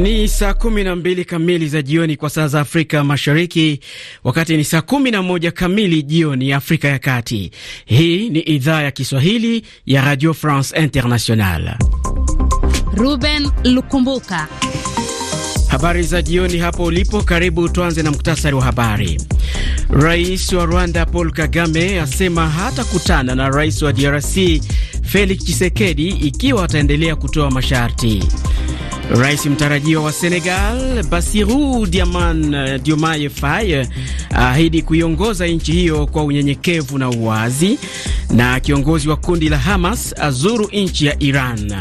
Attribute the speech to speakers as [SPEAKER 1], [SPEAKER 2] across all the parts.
[SPEAKER 1] Ni saa kumi na mbili kamili za jioni kwa saa za Afrika Mashariki, wakati ni saa kumi na moja kamili jioni Afrika ya Kati. Hii ni idhaa ya Kiswahili ya Radio France International.
[SPEAKER 2] Ruben Lukumbuka,
[SPEAKER 1] habari za jioni hapo ulipo. Karibu tuanze na muktasari wa habari. Rais wa Rwanda Paul Kagame asema hatakutana na rais wa DRC Felix Tshisekedi ikiwa ataendelea kutoa masharti. Rais mtarajiwa wa Senegal Bassirou eh, Diomaye Faye ahidi kuiongoza nchi hiyo kwa unyenyekevu na uwazi, na kiongozi wa kundi la Hamas azuru nchi ya Iran.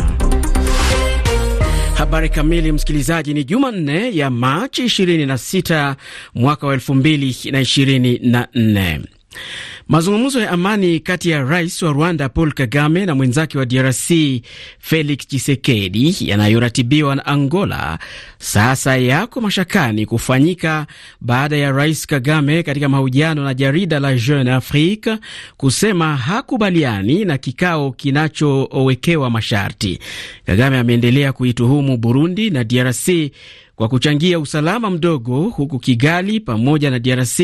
[SPEAKER 1] Habari kamili, msikilizaji, ni Jumanne ya Machi 26 mwaka wa 2024. Mazungumzo ya amani kati ya rais wa Rwanda Paul Kagame na mwenzake wa DRC Felix Tshisekedi yanayoratibiwa na Angola sasa yako mashakani kufanyika baada ya rais Kagame katika mahojiano na jarida la Jeune Afrique kusema hakubaliani na kikao kinachowekewa masharti. Kagame ameendelea kuituhumu Burundi na DRC kwa kuchangia usalama mdogo, huku Kigali pamoja na DRC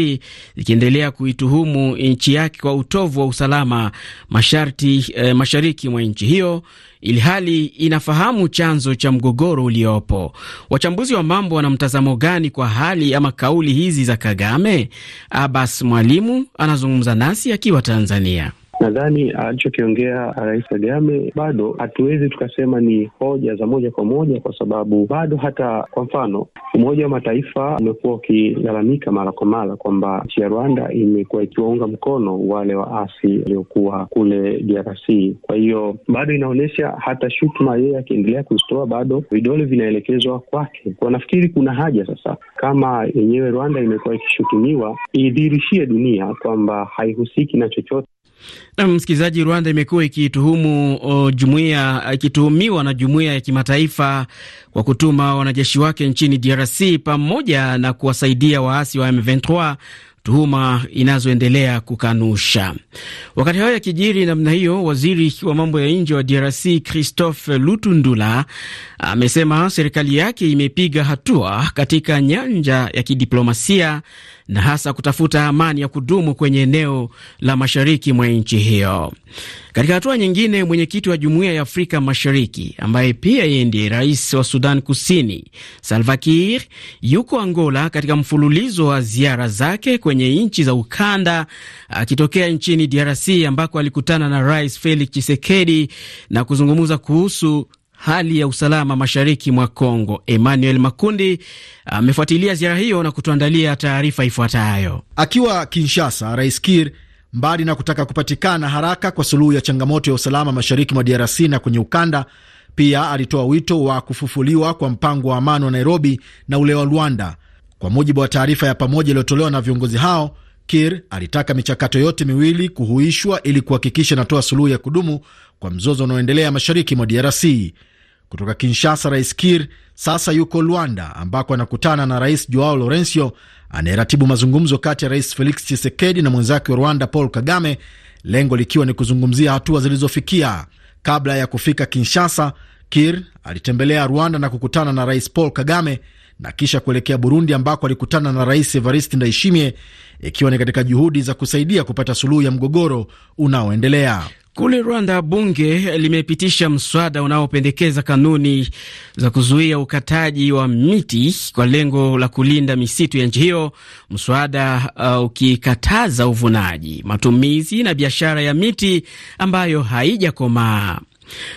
[SPEAKER 1] zikiendelea kuituhumu nchi yake kwa utovu wa usalama masharti, eh, mashariki mwa nchi hiyo ilhali inafahamu chanzo cha mgogoro uliopo. Wachambuzi wa mambo wana mtazamo gani kwa hali ama kauli hizi za Kagame? Abbas Mwalimu anazungumza nasi akiwa Tanzania. Nadhani alichokiongea Rais Kagame bado hatuwezi tukasema ni hoja za moja kwa moja, kwa sababu bado hata kwa mfano Umoja wa Mataifa umekuwa ukilalamika mara kwa mara kwamba nchi ya Rwanda imekuwa ikiwaunga mkono wale waasi waliokuwa kule DRC. Kwa hiyo bado inaonyesha hata shutuma yeye akiendelea kuzitoa bado vidole vinaelekezwa kwake. Kwa nafikiri kuna haja sasa, kama yenyewe Rwanda imekuwa ikishutumiwa, iidhirishie dunia kwamba haihusiki na chochote. Na msikilizaji, Rwanda imekuwa ikituhumu jumuiya ikituhumiwa na jumuiya ya kimataifa kwa kutuma wanajeshi wake nchini DRC pamoja na kuwasaidia waasi wa M23 tuhuma inazoendelea kukanusha. Wakati hayo yakijiri namna hiyo, waziri wa mambo ya nje wa DRC Christophe Lutundula amesema serikali yake imepiga hatua katika nyanja ya kidiplomasia na hasa kutafuta amani ya kudumu kwenye eneo la mashariki mwa nchi hiyo. Katika hatua nyingine, mwenyekiti wa Jumuiya ya Afrika Mashariki ambaye pia yeye ndiye rais wa Sudan Kusini, Salva Kiir yuko Angola katika mfululizo wa ziara zake kwenye nchi za ukanda, akitokea nchini DRC ambako alikutana na Rais Felix Tshisekedi na kuzungumza kuhusu hali ya usalama mashariki mwa congo Emmanuel Makundi amefuatilia ziara hiyo na kutuandalia taarifa ifuatayo. Akiwa Kinshasa, Rais Kir mbali na kutaka kupatikana
[SPEAKER 2] haraka kwa suluhu ya changamoto ya usalama mashariki mwa DRC na kwenye ukanda, pia alitoa wito wa kufufuliwa kwa mpango wa amani wa Nairobi na ule wa Rwanda. Kwa mujibu wa taarifa ya pamoja iliyotolewa na viongozi hao, Kir alitaka michakato yote miwili kuhuishwa ili kuhakikisha inatoa suluhu ya kudumu kwa mzozo unaoendelea mashariki mwa DRC. Kutoka Kinshasa, Rais Kir sasa yuko Luanda ambako anakutana na Rais Joao Lorencio anayeratibu mazungumzo kati ya Rais Felix chisekedi na mwenzake wa Rwanda Paul Kagame, lengo likiwa ni kuzungumzia hatua zilizofikia. Kabla ya kufika Kinshasa, Kir alitembelea Rwanda na kukutana na Rais Paul Kagame na kisha kuelekea Burundi ambako alikutana na Rais Evariste Ndayishimiye, ikiwa ni katika juhudi za kusaidia kupata suluhu ya mgogoro
[SPEAKER 1] unaoendelea. Kule Rwanda bunge limepitisha mswada unaopendekeza kanuni za kuzuia ukataji wa miti kwa lengo la kulinda misitu ya nchi hiyo, mswada uh, ukikataza uvunaji, matumizi na biashara ya miti ambayo haijakomaa.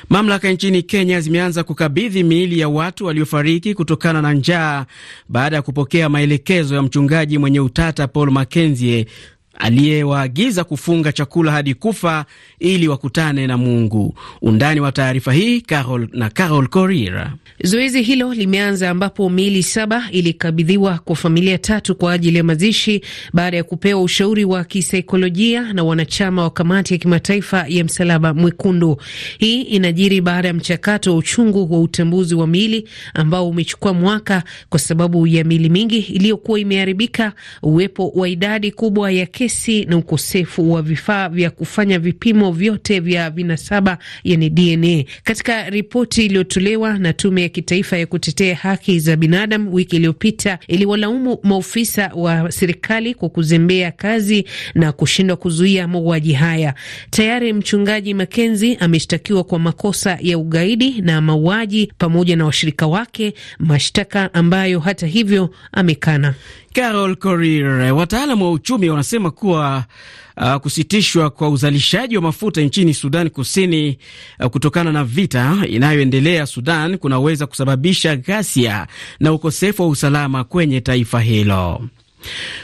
[SPEAKER 1] Mamlaka nchini Kenya zimeanza kukabidhi miili ya watu waliofariki kutokana na njaa baada ya kupokea maelekezo ya mchungaji mwenye utata Paul Makenzie aliyewaagiza kufunga chakula hadi kufa ili wakutane na Mungu. Undani wa taarifa hii Carol na Carol Corira. Zoezi hilo limeanza ambapo miili saba ilikabidhiwa kwa familia tatu kwa ajili ya mazishi baada ya kupewa ushauri wa kisaikolojia na wanachama wa kamati ya kimataifa ya msalaba mwekundu. Hii inajiri baada ya mchakato wa uchungu wa utambuzi wa miili ambao umechukua mwaka kwa sababu ya miili mingi iliyokuwa imeharibika, uwepo wa idadi kubwa ya kesi kesi na ukosefu wa vifaa vya kufanya vipimo vyote vya vinasaba yani DNA. Katika ripoti iliyotolewa na Tume ya Kitaifa ya Kutetea Haki za Binadamu wiki iliyopita, iliwalaumu maofisa wa serikali kwa kuzembea kazi na kushindwa kuzuia mauaji haya. Tayari mchungaji Makenzi ameshtakiwa kwa makosa ya ugaidi na mauaji pamoja na washirika wake, mashtaka ambayo hata hivyo amekana. Carol corir eh, Wataalamu wa uchumi wanasema kuwa uh, kusitishwa kwa uzalishaji wa mafuta nchini Sudan Kusini uh, kutokana na vita inayoendelea Sudan kunaweza kusababisha ghasia na ukosefu wa usalama kwenye taifa hilo.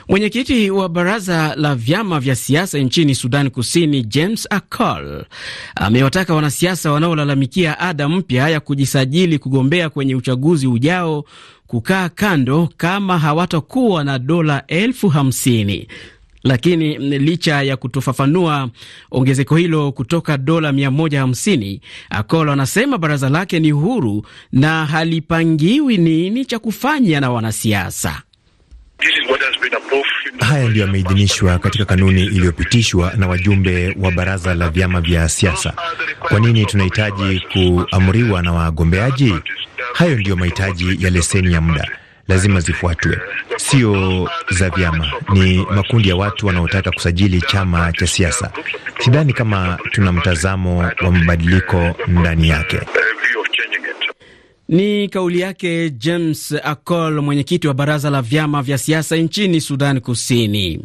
[SPEAKER 1] Mwenyekiti wa baraza la vyama vya siasa nchini Sudan Kusini, James Acol, amewataka wanasiasa wanaolalamikia ada mpya ya kujisajili kugombea kwenye uchaguzi ujao kukaa kando kama hawatakuwa na dola elfu hamsini. Lakini licha ya kutofafanua ongezeko hilo kutoka dola 150, Akolo anasema baraza lake ni huru na halipangiwi nini cha kufanya na wanasiasa.
[SPEAKER 2] Haya ndiyo yameidhinishwa katika kanuni iliyopitishwa na wajumbe wa baraza la vyama vya siasa. Kwa nini tunahitaji kuamriwa na wagombeaji? Hayo ndiyo mahitaji ya leseni ya muda, lazima zifuatwe, sio za vyama. Ni makundi ya watu wanaotaka kusajili chama cha siasa. Sidhani kama tuna mtazamo wa mabadiliko ndani yake.
[SPEAKER 1] Ni kauli yake James Akol, mwenyekiti wa baraza la vyama vya siasa nchini Sudan Kusini.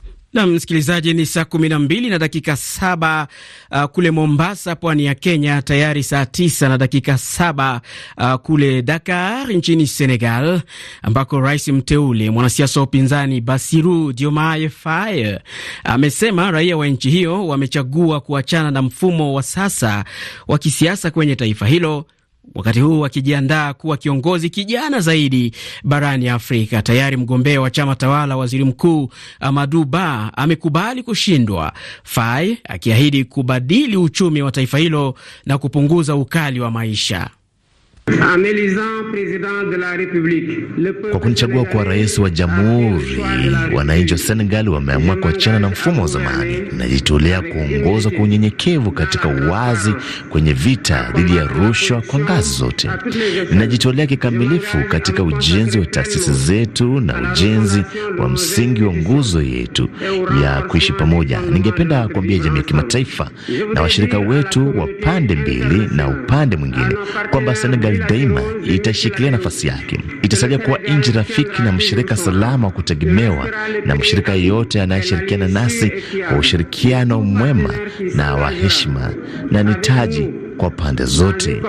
[SPEAKER 1] Na msikilizaji, ni saa kumi na mbili na dakika saba uh, kule Mombasa, pwani ya Kenya, tayari saa tisa na dakika saba uh, kule Dakar nchini Senegal, ambako rais mteule mwanasiasa wa upinzani Basiru Diomaye Faye amesema uh, raia wa nchi hiyo wamechagua kuachana na mfumo wa sasa wa kisiasa kwenye taifa hilo wakati huu akijiandaa kuwa kiongozi kijana zaidi barani Afrika. Tayari mgombea wa chama tawala, waziri mkuu Amadu Ba amekubali kushindwa, Fai akiahidi kubadili uchumi wa taifa hilo na kupunguza ukali wa maisha. Kwa kunichagua kwa rais
[SPEAKER 2] wa jamhuri, wananchi wa Senegal wameamua kuachana na mfumo wa zamani. Najitolea kuongoza kwa unyenyekevu katika uwazi kwenye vita dhidi ya rushwa kwa ngazi zote. Ninajitolea kikamilifu katika ujenzi wa taasisi zetu na ujenzi wa msingi wa nguzo yetu ya kuishi pamoja. Ningependa kuambia jamii ya kimataifa na washirika wetu wa pande mbili na upande mwingine kwamba Senegal Israel daima itashikilia nafasi yake, itasalia kuwa nchi rafiki na mshirika salama wa kutegemewa na mshirika yeyote anayeshirikiana nasi kwa ushirikiano mwema na wa heshima, na ni taji kwa pande zote.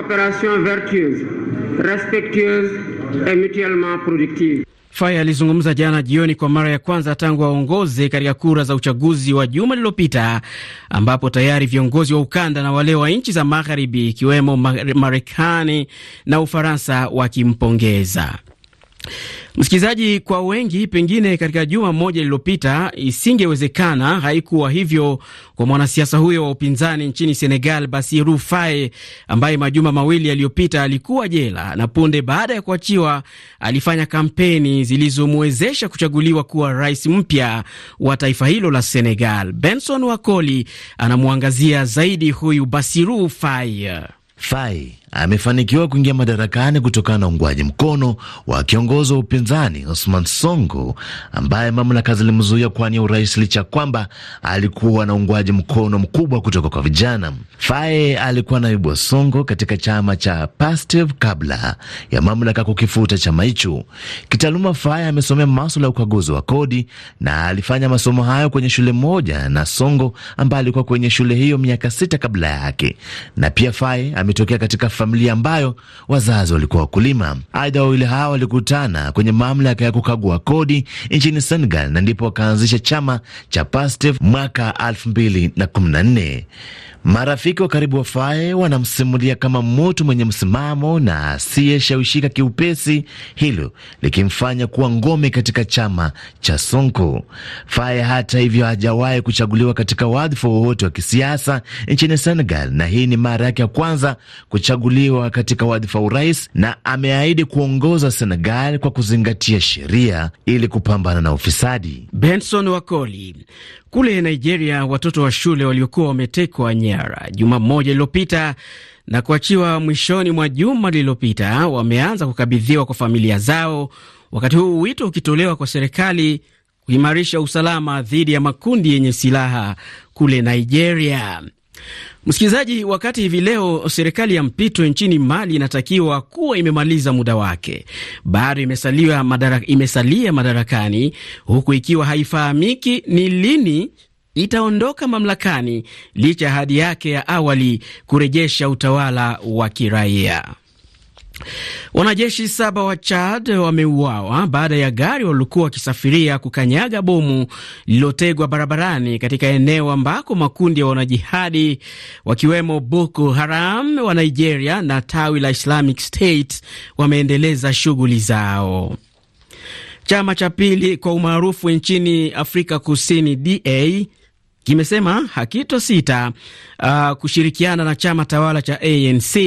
[SPEAKER 1] Faye alizungumza jana jioni kwa mara ya kwanza tangu aongoze katika kura za uchaguzi wa juma lililopita, ambapo tayari viongozi wa ukanda na wale wa nchi za magharibi ikiwemo Marekani na Ufaransa wakimpongeza. Msikilizaji, kwa wengi pengine katika juma moja lililopita isingewezekana, haikuwa hivyo kwa mwanasiasa huyo wa upinzani nchini Senegal, basiru Faye, ambaye majuma mawili yaliyopita alikuwa jela na punde baada ya kuachiwa alifanya kampeni zilizomwezesha kuchaguliwa kuwa rais mpya wa taifa hilo la Senegal. Benson Wakoli anamwangazia zaidi huyu basiru Faye. Faye amefanikiwa kuingia madarakani kutokana
[SPEAKER 2] na uungwaji mkono wa kiongozi wa upinzani Osman Songo ambaye mamlaka zilimzuia kuwania urais licha kwamba alikuwa na uungwaji mkono mkubwa kutoka kwa vijana. Faye alikuwa naibu wa Songo katika chama cha Pastev kabla ya mamlaka kukifuta chama hicho. Kitaaluma, Faye amesomea maswala ya ukaguzi wa kodi na alifanya masomo hayo kwenye shule moja na Songo ambaye alikuwa kwenye shule hiyo miaka sita kabla yake, na pia Faye ametokea katika familia ambayo wazazi walikuwa wakulima. Aidha, wawili hawa walikutana kwenye mamlaka ya kukagua kodi nchini Senegal na ndipo wakaanzisha chama cha Pastef mwaka 2014. Marafiki wa karibu wa Faye wanamsimulia kama mtu mwenye msimamo na asiyeshawishika kiupesi, hilo likimfanya kuwa ngome katika chama cha Sonko. Faye hata hivyo hajawahi kuchaguliwa katika wadhifa wowote wa kisiasa nchini Senegal, na hii ni mara yake ya kwanza kuchaguliwa kuchaguliwa katika wadhifa wa urais na ameahidi kuongoza Senegal kwa kuzingatia sheria ili kupambana na ufisadi.
[SPEAKER 1] Benson Wakoli. Kule Nigeria, watoto wa shule waliokuwa wametekwa nyara juma moja iliyopita na kuachiwa mwishoni mwa juma lililopita wameanza kukabidhiwa kwa familia zao, wakati huu wito ukitolewa kwa serikali kuimarisha usalama dhidi ya makundi yenye silaha kule Nigeria. Msikilizaji, wakati hivi leo serikali ya mpito nchini Mali inatakiwa kuwa imemaliza muda wake, bado imesalia, madarak, imesalia madarakani huku ikiwa haifahamiki ni lini itaondoka mamlakani licha ya ahadi yake ya awali kurejesha utawala wa kiraia. Wanajeshi saba wa Chad wameuawa baada ya gari waliokuwa wakisafiria kukanyaga bomu lililotegwa barabarani katika eneo ambako makundi ya wanajihadi wakiwemo Boko Haram wa Nigeria na tawi la Islamic State wameendeleza shughuli zao. Chama cha pili kwa umaarufu nchini Afrika Kusini DA kimesema sita uh, kushirikiana na chama tawala cha ANC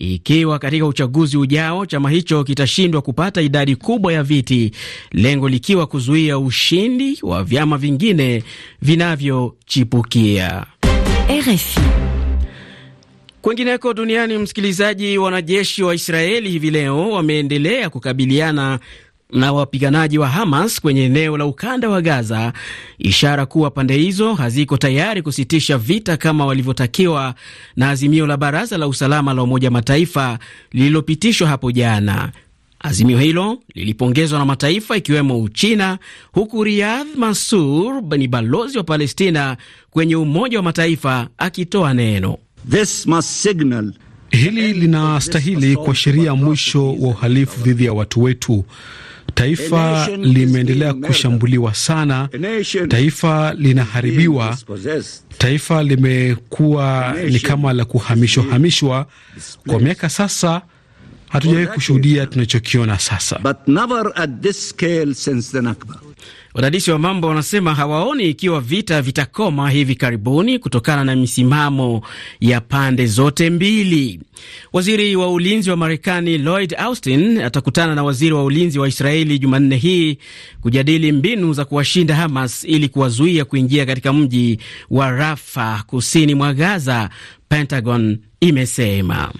[SPEAKER 1] ikiwa katika uchaguzi ujao chama hicho kitashindwa kupata idadi kubwa ya viti, lengo likiwa kuzuia ushindi wa vyama vingine vinavyochipukia. RFI. Kwingineko duniani, msikilizaji, wanajeshi wa Israeli hivi leo wameendelea kukabiliana na wapiganaji wa Hamas kwenye eneo la ukanda wa Gaza, ishara kuwa pande hizo haziko tayari kusitisha vita kama walivyotakiwa na azimio la Baraza la Usalama la Umoja Mataifa lililopitishwa hapo jana. Azimio hilo lilipongezwa na mataifa ikiwemo Uchina, huku Riyadh Mansur ni balozi wa Palestina kwenye Umoja wa Mataifa akitoa neno This must signal Hili linastahili kuashiria mwisho wa uhalifu dhidi ya watu wetu. Taifa limeendelea kushambuliwa sana, taifa linaharibiwa, taifa limekuwa ni kama la kuhamishwa hamishwa kwa miaka sasa hatujawahi kushuhudia tunachokiona sasa. Wadadisi wa mambo wanasema hawaoni ikiwa vita vitakoma hivi karibuni kutokana na misimamo ya pande zote mbili. Waziri wa ulinzi wa Marekani Lloyd Austin atakutana na waziri wa ulinzi wa Israeli Jumanne hii kujadili mbinu za kuwashinda Hamas ili kuwazuia kuingia katika mji wa Rafa kusini mwa Gaza, Pentagon imesema.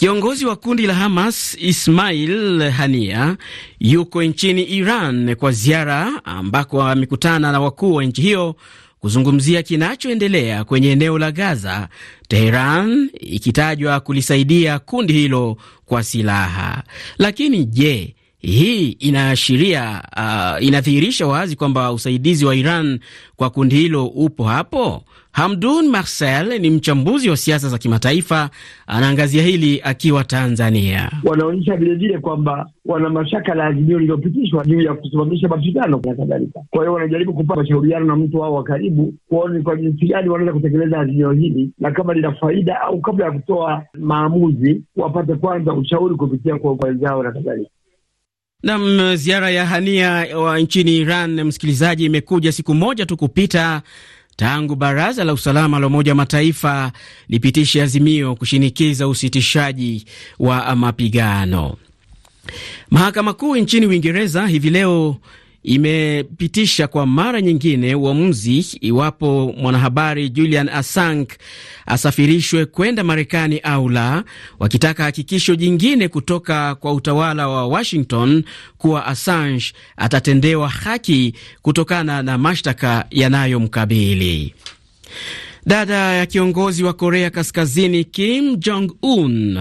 [SPEAKER 1] Kiongozi wa kundi la Hamas Ismail Hania yuko nchini Iran kwa ziara, ambako amekutana na wakuu wa nchi hiyo kuzungumzia kinachoendelea kwenye eneo la Gaza, Teheran ikitajwa kulisaidia kundi hilo kwa silaha. Lakini je, hii inaashiria uh, inadhihirisha wazi kwamba usaidizi wa Iran kwa kundi hilo upo hapo. Hamdun Marcel ni mchambuzi wa siasa za kimataifa, anaangazia hili akiwa Tanzania.
[SPEAKER 2] Wanaonyesha vilevile kwamba wana mashaka la azimio lililopitishwa juu ya kusimamisha mapigano
[SPEAKER 1] na kadhalika. Kwa hiyo wanajaribu kupata mashauriano na mtu wao wa karibu, kuona ni kwa jinsi gani wanaweza kutekeleza azimio hili na kama lina faida, au kabla ya kutoa maamuzi wapate kwanza ushauri
[SPEAKER 2] kupitia kwa wenzao na kadhalika.
[SPEAKER 1] Nam, ziara ya Hania wa nchini Iran, msikilizaji, imekuja siku moja tu kupita tangu Baraza la Usalama la Umoja wa Mataifa lipitishe azimio kushinikiza usitishaji wa mapigano. Mahakama Kuu nchini Uingereza hivi leo imepitisha kwa mara nyingine uamuzi iwapo mwanahabari Julian Assange asafirishwe kwenda Marekani au la, wakitaka hakikisho jingine kutoka kwa utawala wa Washington kuwa Assange atatendewa haki kutokana na mashtaka yanayomkabili. Dada ya kiongozi wa Korea Kaskazini Kim Jong Un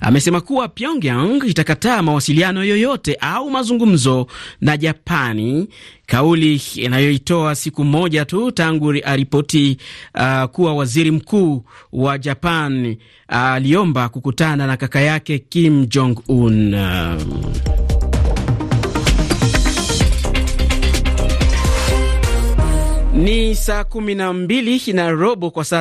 [SPEAKER 1] amesema kuwa Pyongyang itakataa mawasiliano yoyote au mazungumzo na Japani, kauli inayoitoa siku moja tu tangu aripoti uh, kuwa waziri mkuu wa Japan uh, aliomba uh, kukutana na kaka yake Kim Jong Un. Ni saa kumi na mbili na robo kwa saa